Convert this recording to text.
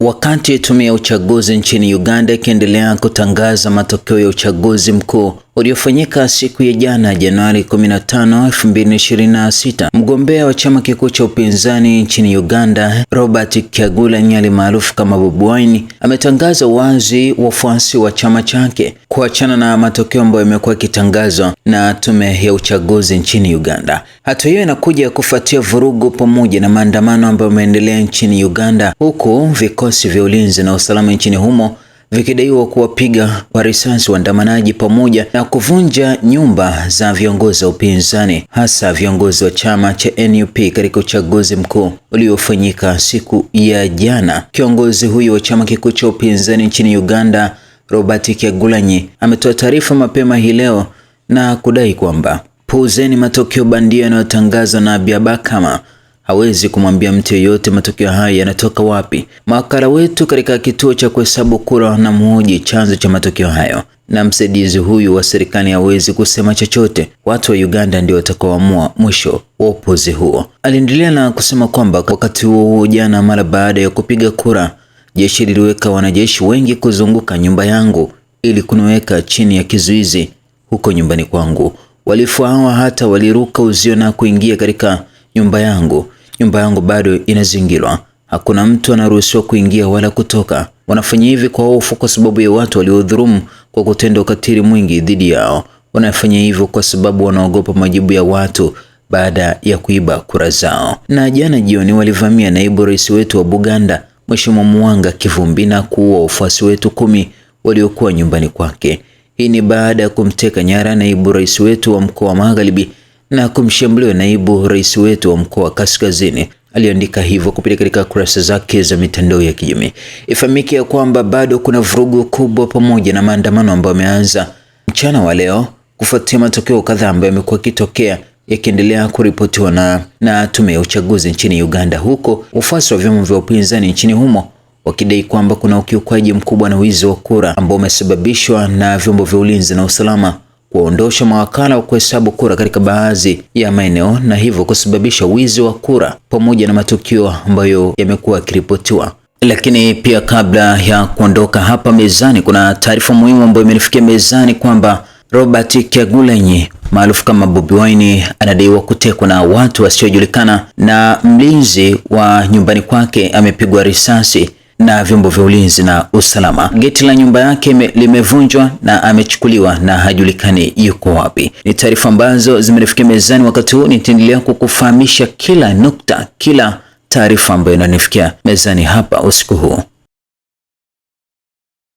Wakati tume ya uchaguzi nchini Uganda ikiendelea kutangaza matokeo ya uchaguzi mkuu uliofanyika siku ya jana Januari 15, 2026, mgombea wa chama kikuu cha upinzani nchini Uganda Robert Kyagulanyi ali maarufu kama Bobi Wine ametangaza wazi wafuasi wa chama chake kuachana na matokeo ambayo yamekuwa yakitangazwa na tume ya uchaguzi nchini Uganda. Hatua hiyo inakuja kufuatia vurugu pamoja na maandamano ambayo yameendelea nchini Uganda, huku vikosi vya ulinzi na usalama nchini humo vikidaiwa kuwapiga kwa risasi waandamanaji pamoja na kuvunja nyumba za viongozi wa upinzani hasa viongozi wa chama cha NUP katika uchaguzi mkuu uliofanyika siku ya jana. Kiongozi huyo wa chama kikuu cha upinzani nchini Uganda, Robert Kyagulanyi, ametoa taarifa mapema hii leo na kudai kwamba puuzeni matokeo bandia yanayotangazwa na Byabakama hawezi kumwambia mtu yeyote matokeo haya yanatoka wapi. Mawakala wetu katika kituo cha kuhesabu kura na wanamhoji chanzo cha matokeo hayo, na msaidizi huyu wa serikali hawezi kusema chochote. Watu wa Uganda ndio watakaoamua mwisho wa upuzi huo. Aliendelea na kusema kwamba wakati huo huo, jana, mara baada ya kupiga kura, jeshi liliweka wanajeshi wengi kuzunguka nyumba yangu ili kuniweka chini ya kizuizi huko nyumbani kwangu. Walifu hawa hata waliruka uzio na kuingia katika nyumba yangu. Nyumba yangu bado inazingirwa, hakuna mtu anaruhusiwa kuingia wala kutoka. Wanafanya hivi kwa hofu, kwa sababu ya watu waliodhulumu kwa kutenda ukatili mwingi dhidi yao. Wanafanya hivyo kwa sababu wanaogopa majibu ya watu baada ya kuiba kura zao. Na jana jioni walivamia naibu rais wetu wa Buganda, Mheshimiwa Mwanga Kivumbi, na kuua wafuasi wetu kumi waliokuwa nyumbani kwake. Hii ni baada ya kumteka nyara naibu rais wetu wa mkoa wa Magharibi na kumshambulia naibu rais wetu wa mkoa wa Kaskazini. Aliandika hivyo kupitia katika kurasa zake za mitandao ya kijamii. Ifahamike ya kwamba bado kuna vurugu kubwa pamoja na maandamano ambayo yameanza mchana wa leo kufuatia matokeo kadhaa ambayo yamekuwa kitokea yakiendelea kuripotiwa na, na tume ya uchaguzi nchini Uganda, huko wafuasi wa vyama vya upinzani nchini humo wakidai kwamba kuna ukiukwaji mkubwa na wizi wa kura ambao umesababishwa na vyombo vya ulinzi na usalama kuondosha mawakala wa kuhesabu kura katika baadhi ya maeneo na hivyo kusababisha wizi wa kura pamoja na matukio ambayo yamekuwa yakiripotiwa. Lakini pia kabla ya kuondoka hapa mezani, kuna taarifa muhimu ambayo imenifikia mezani kwamba Robert Kyagulanyi maarufu kama Bobi Wine anadaiwa kutekwa na watu wasiojulikana, na mlinzi wa nyumbani kwake amepigwa risasi na vyombo vya ulinzi na usalama. Geti la nyumba yake limevunjwa na amechukuliwa na hajulikani yuko wapi. Ni taarifa ambazo zimenifikia mezani wakati huu, nitaendelea kukufahamisha kila nukta, kila taarifa ambayo inanifikia mezani hapa usiku huu.